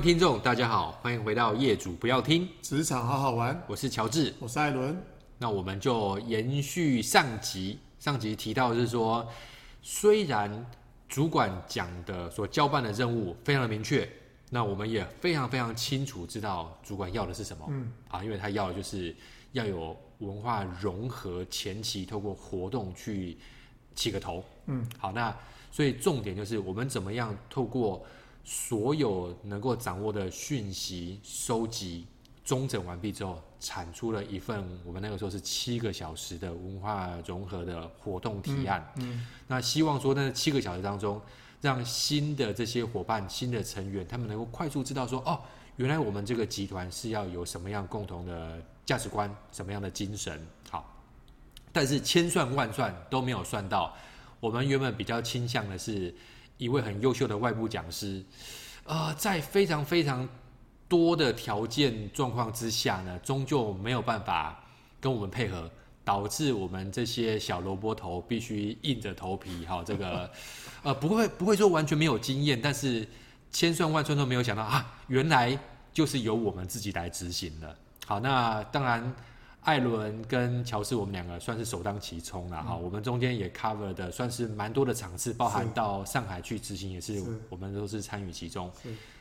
各位聽眾大家好，歡迎回到《業主不要聽職場好好玩》，我是喬治，我是艾倫，那我們就延續上集，上集提到是說，雖然主管講的所交辦的任務非常的明確，那我們也非常非常清楚知道主管要的是什麼，嗯啊，因為他要的就是要有文化融合前期透過活動去起個頭，嗯，好，那所以重點就是我們怎麼樣透過。所有能夠掌握的訊息收集、綜整完畢之後，產出了一份我們那個時候是七個小時的文化融合的活動提案。嗯，嗯，那希望說在七個小時當中，讓新的這些夥伴、新的成員，他們能夠快速知道說，哦，原來我們這個集團是要有什麼樣共同的價值觀、什麼樣的精神。好，但是千算萬算都沒有算到，我們原本比較傾向的是。一位很優秀的外部講師，呃，在非常非常多的條件狀況之下呢，終究沒有辦法跟我們配合，導致我們這些小蘿蔔頭必須硬着頭皮哈，這個呃不會不會說完全沒有經驗，但是千算萬算都沒有想到啊，原來就是由我們自己來執行的。好，那當然。艾倫跟喬斯，我們兩個算是首當其衝了，啊、哈、嗯。我們中間也 cover 的算是蠻多的場次，包含到上海去執行也是，是我們都是參與其中。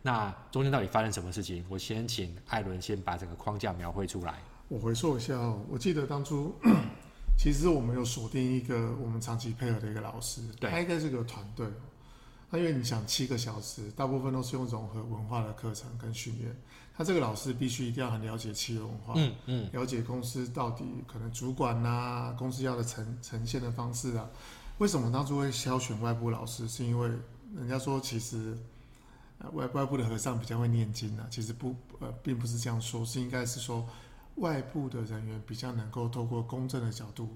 那中間到底發生什麼事情？我先請艾倫先把整個框架描繪出來。我回溯一下哦，我記得當初 其實我們有鎖定一個我們長期配合的一個老師，對他應該是個團隊。那因為你想七個小時，大部分都是用融合文化的課程跟訓練。他這個老師必須一定要很了解企業文化，嗯嗯，嗯了解公司到底可能主管吶、啊，公司要的呈呈現的方式啊。為什麼當初會挑選外部老師？是因為人家說其實外、呃、外部的和尚比較會念經啊。其實不呃，並不是這樣說，是應該是說外部的人員比較能夠透過公正的角度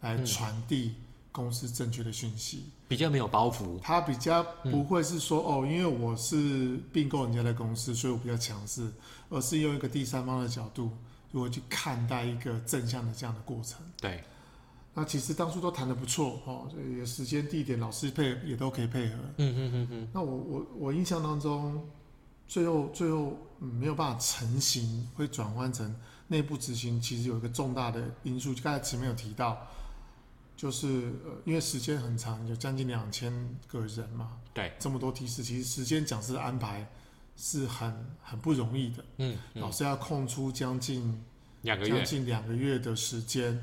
來傳遞、嗯。公司正確的訊息比較沒有包袱，他比較不會是說、嗯、哦，因為我是併購人家的公司，所以我比較強勢，而是用一個第三方的角度，如何去看待一個正向的這樣的過程。對，那其實當初都談得不錯哦，也時間地點老師配也都可以配合。嗯嗯嗯嗯。那我我我印象當中，最後最後、嗯、沒有辦法成型，會轉換成內部執行，其實有一個重大的因素，就剛才前面有提到。就是呃，因為時間很長，有將近兩千個人嘛，對，這麼多提示，其實時間講師的安排是很很不容易的，嗯，嗯老師要空出將近兩個月，將近兩個月的時間，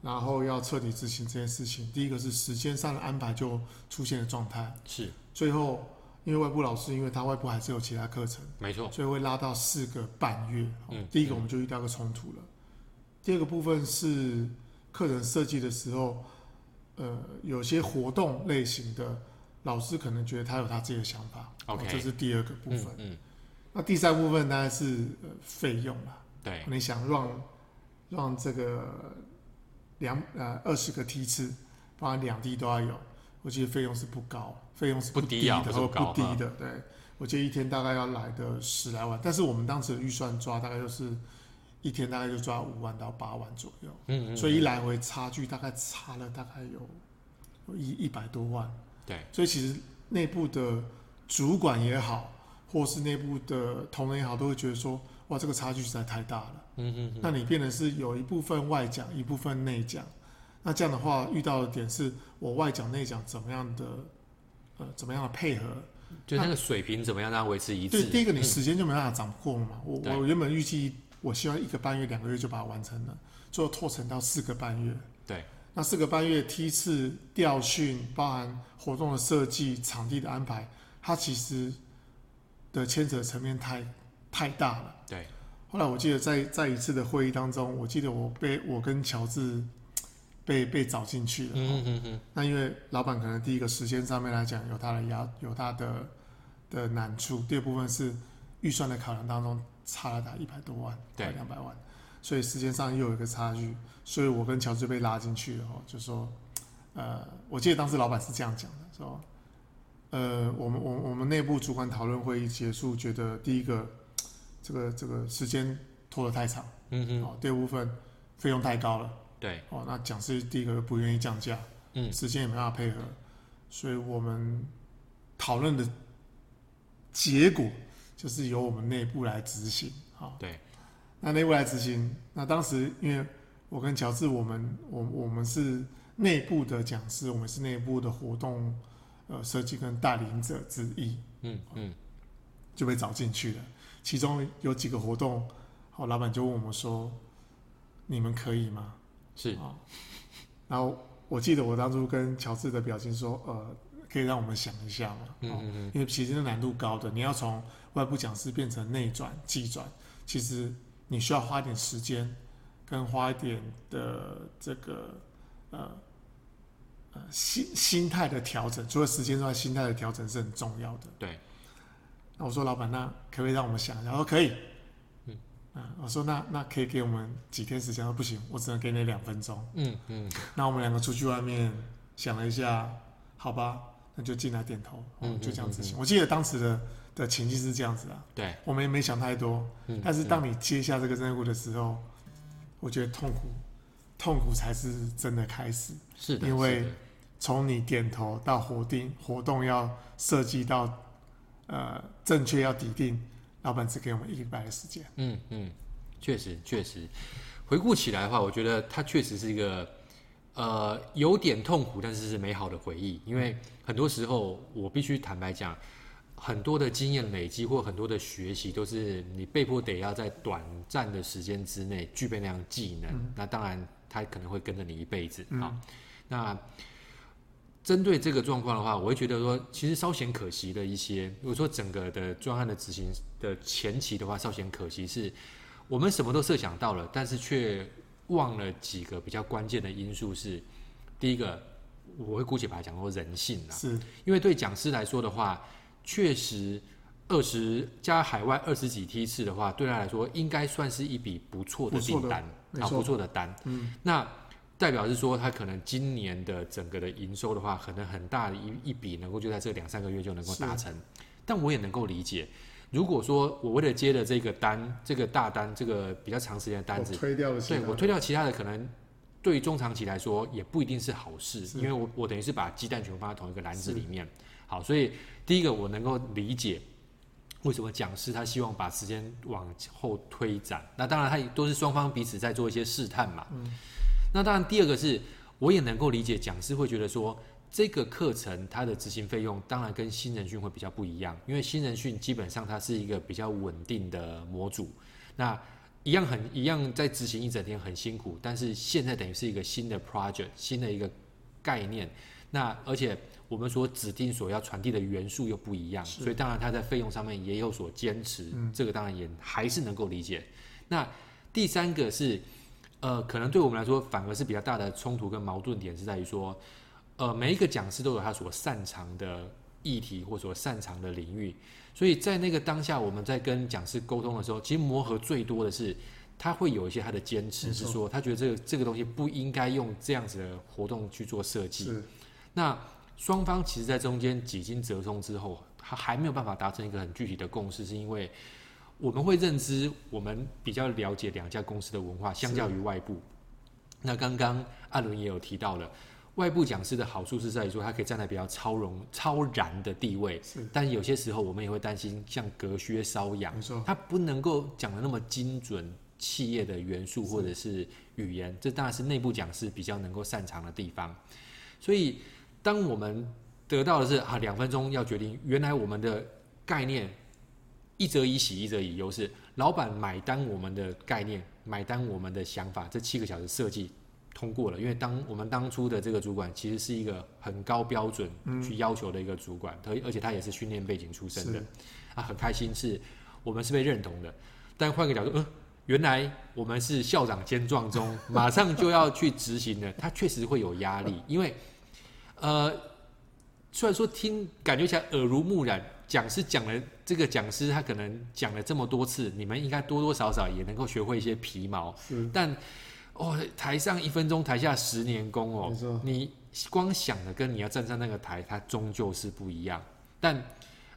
然後要徹底執行這件事情。第一個是時間上的安排就出現了狀態，是，最後因為外部老師，因為他外部還是有其他課程，沒錯，所以會拉到四個半月，嗯，第一個我們就遇到一個衝突了，嗯嗯、第二個部分是。課程設計的時候，呃，有些活動類型的老師可能覺得他有他自己的想法，OK，這是第二個部分。嗯，嗯那第三部分大概是、呃、費用了。對，你想讓讓這個兩呃二十個梯次，不然兩地都要有，我記得費用是不高，費用是不低的。不低，啊、不，不，不低的。呵對，我記得一天大概要來的十來萬，但是我們當時的預算抓大概就是。一天大概就抓五萬到八萬左右，嗯，嗯，所以一來回差距大概差了大概有，一一百多萬，對，所以其實內部的主管也好，或是內部的同仁也好，都會覺得說，哇，這個差距實在太大了，嗯嗯，嗯嗯，那你變成是有一部分外講，一部分內講，那這樣的話遇到的點是我外講內講怎麼樣的，呃，怎麼樣的配合，就那個水平怎麼樣讓它維持一致？對，嗯，第一個你時間就沒辦法掌控嘛，對我我原本預計。我希望一個半月、兩個月就把它完成了，最後拖成到四個半月。對，那四個半月梯次調訓，包含活動的設計、場地的安排，它其實的牽扯層面太太大了。對。後來我記得在再一次的會議當中，我記得我被我跟喬治被被找進去了。嗯嗯嗯。那因為老闆可能第一個時間上面來講有他的壓，有他的有他的，的難處；第二部分是預算的考量當中。差了他一百多萬，兩百萬，對所以時間上又有一個差距，所以我跟喬治被拉進去了就說，呃，我記得當時老板是這樣講的說呃，我們我我們內部主管討論會議結束，覺得第一個，這個這個時間拖得太長，嗯嗯哼，哦、喔，第二部分費用太高了，對，哦、喔，那講師第一個不願意降價，嗯，時間也沒辦法配合，所以我們討論的結果。就是由我們內部來執行，好，對，那內部來執行。那當時因為我跟喬治我，我們我我們是內部的講師，我們是內部的活動呃設計跟帶領者之一，嗯嗯，嗯就被找進去了。其中有幾個活動，好，老闆就問我們說：“你們可以嗎？”是啊，哦，然後我記得我當初跟喬治的表情說：“呃。”可以讓我們想一下嗎？嗯嗯，嗯因為其實難度高的，你要從外部講師變成內轉、技轉，其實你需要花一點時間，跟花一點的這個呃呃心心態的調整，除了時間之外，心態的調整是很重要的。對。那我說，老闆，那可不可以讓我們想一下？他說可以。嗯、啊。我說那那可以給我們幾天時間？他說不行，我只能給你兩分鐘。嗯嗯。那我們兩個出去外面想了一下，好吧。那就進來點頭，就這樣子。行。嗯嗯嗯嗯，我記得當時的的情境是這樣子啊，對，我們也沒想太多。嗯嗯，但是當你接下這個任務的時候，嗯嗯，我覺得痛苦，痛苦才是真的開始。是的因為從你點頭到活動，活動要設計到的呃正確要底定，老闆只給我們一個禮拜的時間。嗯嗯，確實確實，回顧起來的話，我覺得它確實是一個。呃，有點痛苦，但是是美好的回憶。因為很多時候，我必須坦白講，很多的經驗累積或很多的學習，都是你被迫得要在短暫的時間之內具備那樣技能。嗯、那當然，它可能會跟着你一輩子。好，嗯、那針對這個狀況的話，我會覺得說，其實稍顯可惜的一些。比如說整個的專案的執行的前期的話，稍顯可惜是，我們什麼都設想到了，但是卻。忘了幾個比較關鍵的因素是，第一個我會姑且把它講說人性了、啊，是因為對講師來說的話，確實二十加海外二十幾梯次的話，對他來說應該算是一筆不錯的訂單，啊不，不錯的單，的嗯，那代表是說他可能今年的整個的營收的話，可能很大的一一筆能夠就在這兩三個月就能夠達成，是但我也能夠理解。如果說我為了接了這個單，這個大單，這個比較長時間的單子，我對我推掉其他的，可能對於中長期來說也不一定是好事，的因為我我等於是把雞蛋全部放在同一個籃子裡面。是好，所以第一個我能夠理解為什麼講師他希望把時間往後推展，那當然他也都是雙方彼此在做一些試探嘛。嗯，那當然第二個是我也能夠理解講師會覺得說。這個課程它的執行費用當然跟新人訓會比較不一樣，因為新人訓基本上它是一個比較穩定的模組，那一樣很一樣在執行一整天很辛苦，但是現在等於是一個新的 project，新的一個概念，那而且我們所指定所要傳遞的元素又不一樣，所以當然它在費用上面也有所堅持，這個當然也還是能夠理解。那第三個是，呃，可能對我們來說反而是比較大的衝突跟矛盾點是在於說。呃，每一個講師都有他所擅長的議題或所擅長的領域，所以在那個當下，我們在跟講師溝通的時候，其實磨合最多的是他會有一些他的堅持，錯是說他覺得這個這個東西不應該用這樣子的活動去做設計。是那雙方其實在中間幾經折衝之後，他還沒有辦法達成一個很具體的共識，是因為我們會認知我們比較了解兩家公司的文化，相較於外部。是那剛剛阿倫也有提到了。外部講師的好處是在於說，他可以站在比較超容、超然的地位，是但有些時候，我們也會擔心像隔靴搔癢，說他不能夠講得那麼精準企業的元素或者是語言，是這當然是內部講師比較能夠擅長的地方。所以，當我們得到的是啊，兩分鐘要決定，原來我們的概念，一則以喜，一則以憂，是老板買單我們的概念，買單我們的想法，這七個小時設計。通過了，因為當我們當初的這個主管其實是一個很高標準去要求的一個主管，嗯、而且他也是訓練背景出身的，他是、啊、很開心是，我們是被認同的。但換個角度，嗯、呃，原來我們是校長兼撞鐘， 馬上就要去執行的。他確實會有壓力，因為，呃，雖然說聽感覺起來耳濡目染，講師講了這個講師他可能講了這麼多次，你們應該多多少少也能夠學會一些皮毛，是但。哦、台上一分鐘，台下十年功哦。錯你光想的跟你要站上那個台，它終究是不一樣。但，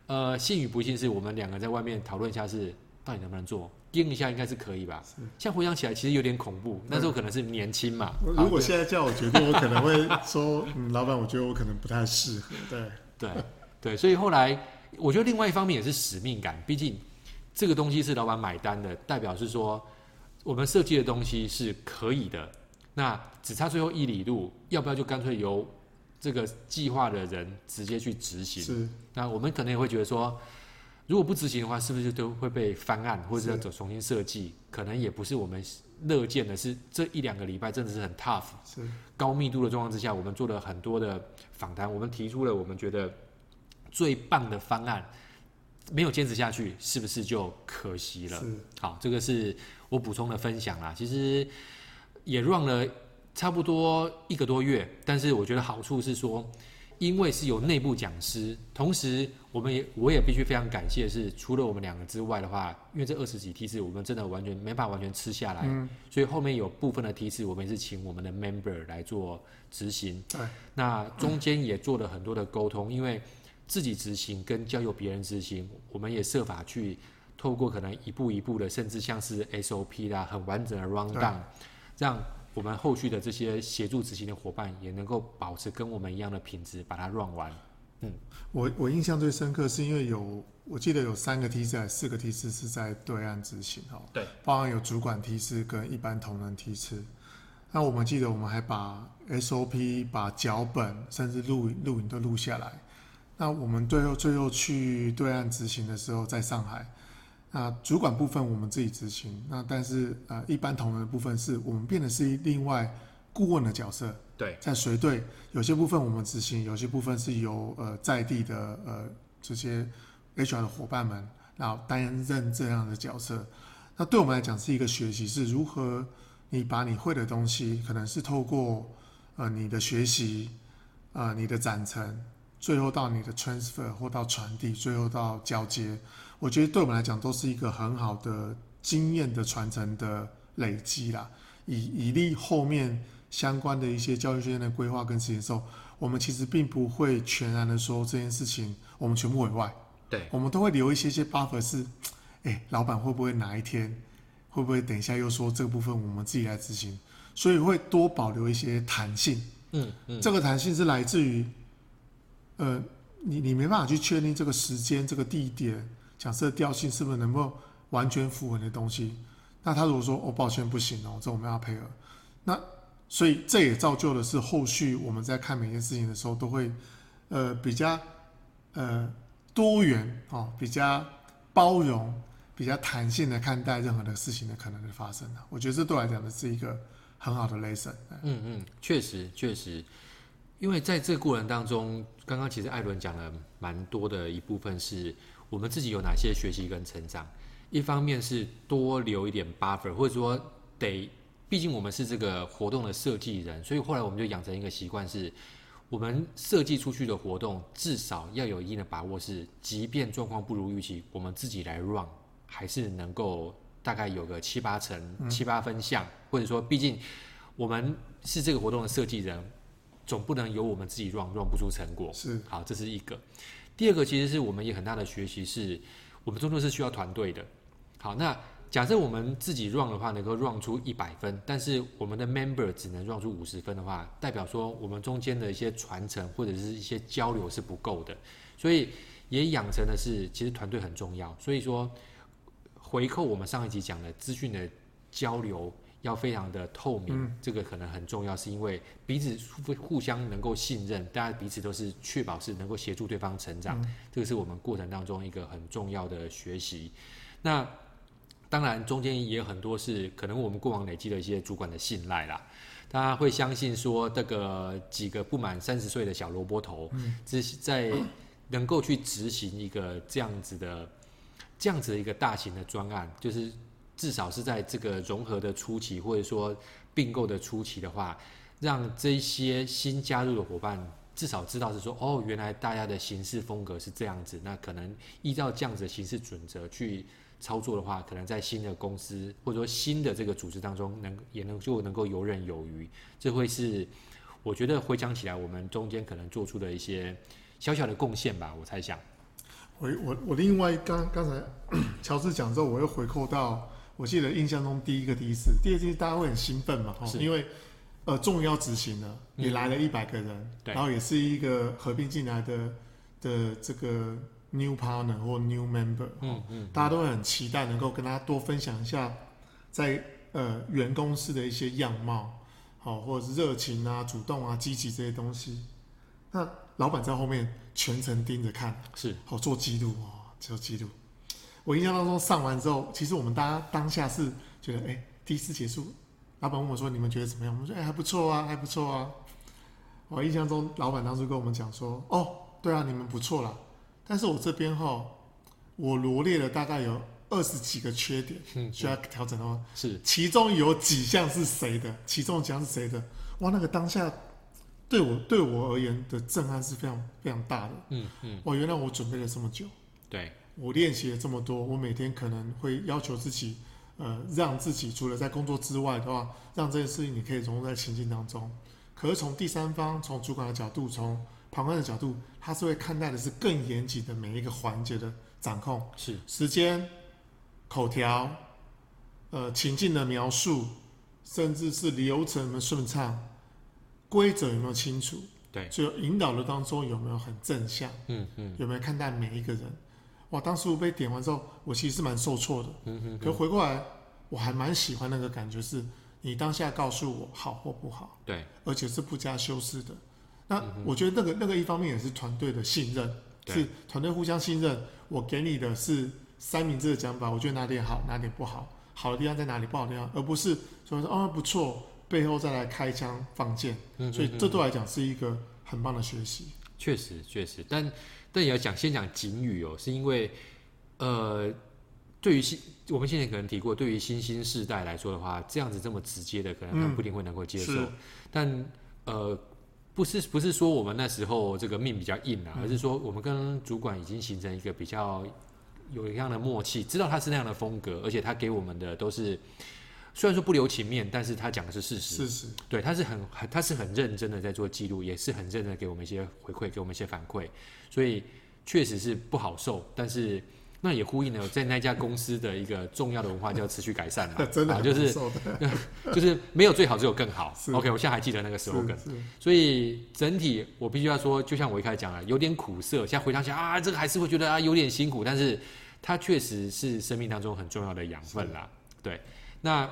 呃，幸與不幸是我們兩個在外面討論一下是，是到底能不能做，盯一下應該是可以吧。是像回想起來，其實有點恐怖。對那時候可能是年輕嘛。我如果現在叫我決定，我可能會說， 嗯，老板，我覺得我可能不太適合。對對對，所以後來我覺得另外一方面也是使命感，畢竟這個東西是老板買單的，代表是說。我們設計的東西是可以的，那只差最後一里路，要不要就乾脆由這個計劃的人直接去執行？是。那我們可能也會覺得說，如果不執行的話，是不是都會被翻案或者要走重新設計？是。可能也不是我們樂見的是。是這一兩個禮拜真的是很 tough，是高密度的狀況之下，我們做了很多的訪談，我們提出了我們覺得最棒的方案。沒有堅持下去，是不是就可惜了？是好，這個是我補充的分享啦。其實也 run 了差不多一個多月，但是我覺得好處是說，因為是有內部講師，同時我們也我也必須非常感謝的是，是除了我們兩個之外的話，因為這二十幾梯次我們真的完全沒法完全吃下來，嗯、所以後面有部分的梯次，我們是請我們的 member 來做執行。嗯、那中間也做了很多的溝通，嗯、因為。自己執行跟交由別人執行，我們也設法去透過可能一步一步的，甚至像是 SOP 啦、啊，很完整的 run down，對讓我們後續的這些協助執行的夥伴也能夠保持跟我們一樣的品質，把它 run 完。嗯，我我印象最深刻是因為有我記得有三個梯次還是四個梯次是在對岸執行哦，對，包含有主管梯次跟一般同仁梯次。那我們記得我們還把 SOP 把腳本甚至錄影錄影都錄下來。那我們最後最後去對岸執行的時候，在上海，那主管部分我們自己執行，那但是呃，一般同仁的部分是我們變的是另外顧問的角色，對，在隨隊有些部分我們執行，有些部分是由呃在地的呃這些 HR 的伙伴們然後擔任這樣的角色，那對我們來講是一個學習，是如何你把你會的東西，可能是透過呃你的學習，啊、呃、你的展成最後到你的 transfer 或到傳遞，最後到交接，我覺得對我們來講都是一個很好的經驗的傳承的累積啦。以以利後面相關的一些教育訓練的規劃跟執行的時候，我們其實並不會全然的說這件事情我們全部委外，對，我們都會留一些些 buffer 是，哎、欸，老闆會不會哪一天會不會等一下又說這個部分我們自己來執行，所以會多保留一些彈性。嗯嗯，嗯，這個彈性是來自於。呃，你你沒辦法去確定這個時間、這個地點，假設調性是不是能夠完全符合你的東西？那他如果說我、哦、抱歉不行哦，這我們要配合。那所以這也造就的是，後續我們在看每件事情的時候，都會呃比較呃多元哦，比較包容、比較彈性的看待任何的事情的可能的發生的。我覺得這對我來講呢，是一個很好的 lesson。嗯嗯，確實確實。因為在這個過程當中，剛剛其實艾倫講了蠻多的一部分，是我們自己有哪些學習跟成長。一方面是多留一點 buffer，或者說得，畢竟我們是這個活動的設計人，所以後來我們就養成一個習慣，是我們設計出去的活動至少要有一定的把握，是即便狀況不如預期，我們自己來 run 還是能夠大概有個七八成、嗯、七八分像，或者說，畢竟我們是這個活動的設計人。總不能由我們自己 run，run 不出成果，是好，這是一個。第二個其實是我們也很大的學習，是我們終究是需要團隊的。好，那假設我們自己 run 的話，能夠 run 出一百分，但是我們的 member 只能 run 出五十分的話，代表說我們中間的一些傳承或者是一些交流是不夠的。所以也養成的是，其實團隊很重要。所以說，回扣我們上一集講的資訊的交流，要非常的透明，嗯、這個可能很重要，是因為彼此互相能夠信任，大家彼此都是確保是能夠協助對方成長，嗯、這個是我們過程當中一個很重要的學習。那當然中間也很多是可能我們過往累積了一些主管的信賴啦，大家會相信說這個幾個不滿三十歲的小蘿蔔頭，嗯、只是在能夠去執行一個這樣子的這樣子的一個大型的專案，就是。至少是在這個融合的初期，或者說併購的初期的話，讓這些新加入的夥伴至少知道是說，哦，原來大家的行事風格是這樣子。那可能依照這樣子的行事準則去操作的話，可能在新的公司或者說新的這個組織當中能，能也能就能夠游刃有餘。這會是我覺得回想起來，我們中間可能做出的一些小小的貢獻吧。我猜想，我我我另外剛剛才喬治講之後，我又回扣到。我記得印象中第一個第一次、第二次大家會很興奮嘛，是因為，呃，終於要執行了，也來了一百個人，嗯、然後也是一個合併進來的對的這個 new partner 或 new member，嗯嗯嗯大家都會很期待能夠跟他多分享一下在是呃原公司的一些樣貌，好或者是熱情啊、主動啊、積極這些東西。那老闆在後面全程盯着看，是，好做記錄哦，做記錄。我印象當中，上完之後，其實我們大家當下是覺得，哎、欸，第一次結束，老闆問我說：“你們覺得怎麼樣？”我們說：“哎、欸，還不錯啊，還不錯啊。”我印象中，老闆當時跟我們講說：“哦，對啊，你們不錯啦。但是我這邊哈、哦，我羅列了大概有二十幾個缺點，需要調整的話、嗯嗯，是，其中有幾項是誰的？其中幾項是誰的？哇，那個當下對我對我而言的震撼是非常非常大的，嗯嗯，嗯哦，原來我準備了這麼久，對。”我練習了這麼多，我每天可能會要求自己，呃，讓自己除了在工作之外的話，讓這件事情你可以融入在情境當中。可是從第三方、從主管的角度、從旁觀的角度，他是會看待的是更嚴謹的每一個環節的掌控，是時間、口條、呃，情境的描述，甚至是流程的順暢，規則有沒有清楚，對，就引導的當中有沒有很正向，嗯嗯，嗯，有沒有看待每一個人。哇！當時我被點完之後，我其實是蠻受挫的。嗯哼哼。可是回過來，我還蠻喜歡那個感覺是，是你當下告訴我好或不好。對。而且是不加修飾的。那、嗯、哼我覺得那個那個一方面也是團隊的信任，對是團隊互相信任。我給你的是三明治的講法，我覺得哪點好，哪點不好，好的地方在哪裡，不好的地方，而不是說哦不錯，背後再來開槍放箭。嗯哼哼。所以這對來講是一個很棒的學習。確實，確實，但。但也要講，先講警語哦，是因為，呃，對於新，我們現在可能提過，對於新興世代來說的話，這樣子這麼直接的，可能他們不一定會能夠接受。嗯、但呃，不是不是說我們那時候這個命比較硬啊，嗯、而是說我們跟主管已經形成一個比較有一樣的默契，知道他是那樣的風格，而且他給我們的都是。雖然說不留情面，但是他講的是事實，是是對，他是很他是很認真的在做記錄，是是也是很認真的給我們一些回饋，給我們一些反饋，所以確實是不好受，但是那也呼應了在那家公司的一個重要的文化叫持續改善嘛，真的是、啊，就是,是,是,是,是就是沒有最好，只有更好。OK，我現在還記得那個 slogan，是所以整體我必須要說，就像我一開始講了，有點苦澀，現在回想起來啊，這個還是會覺得啊有點辛苦，但是它確實是生命當中很重要的養分啦，是對。那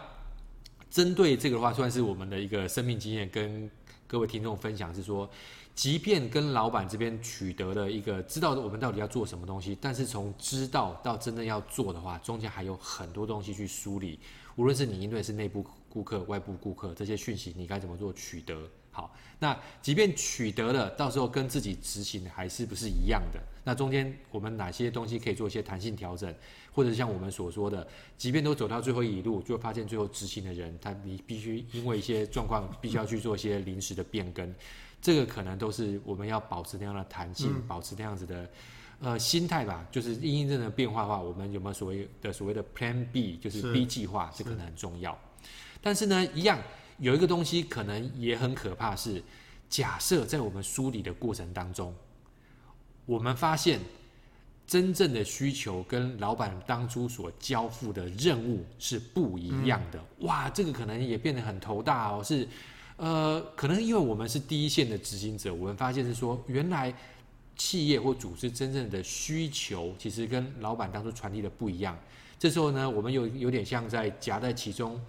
針對這個的話，算是我們的一個生命經驗，跟各位聽眾分享是說，即便跟老板這邊取得了一個知道我們到底要做什麼東西，但是從知道到真的要做的話，中間還有很多東西去梳理，無論是你應對是內部顧客、外部顧客這些訊息，你該怎麼做取得？好，那即便取得了，到時候跟自己執行的還是不是一樣的？那中間我們哪些東西可以做一些彈性調整，或者像我們所說的，即便都走到最後一路，就發現最後執行的人他你必須因為一些狀況，必須要去做一些臨時的變更，這個可能都是我們要保持那樣的彈性，嗯、保持那樣子的呃心態吧。就是因應這的變化的話，我們有沒有所謂的所謂的 Plan B，就是 B 計劃，這是可能很重要。是但是呢，一樣。有一個東西可能也很可怕，是假設在我們梳理的過程當中，我們發現真正的需求跟老闆當初所交付的任務是不一樣的。哇，這個可能也變得很頭大哦。是呃，可能因為我們是第一線的執行者，我們發現是說，原來企業或組織真正的需求其實跟老闆當初傳遞的不一樣。這時候呢，我們有有點像在夾在其中。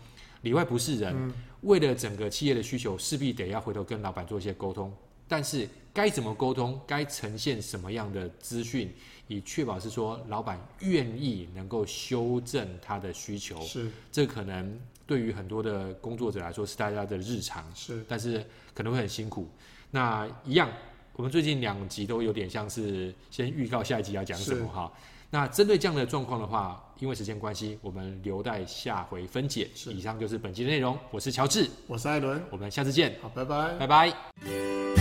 裡外不是人，嗯、為了整個企業的需求，勢必得要回頭跟老板做一些溝通。但是該怎麼溝通，該呈現什麼樣的資訊，以確保是說老板願意能夠修正他的需求，是，這可能對於很多的工作者來說是大家的日常，是，但是可能會很辛苦。那一樣，我們最近兩集都有點像是先預告下一集要講什麼哈。那針對這樣的狀況的話，因為時間關係，我們留待下回分解。是，以上就是本期的內容。我是喬治，我是艾倫，我們下次見。好，拜拜，拜拜。